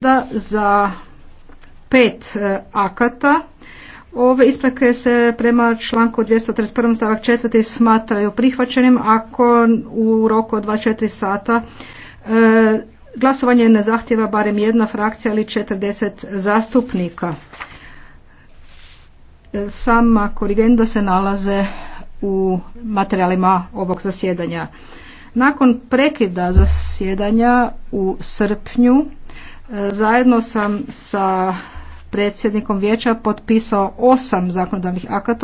da za pet e, akata ove ispreke se prema članku 231. stavak 4. smatraju prihvaćenim ako u roku od 24 sata e, glasovanje ne zahtjeva barem jedna frakcija ili 40 zastupnika. E, sama korigenda se nalaze u materijalima ovog zasjedanja. Nakon prekida zasjedanja u srpnju Zajedno sam sa predsjednikom vijeća potpisao osam zakonodavnih akata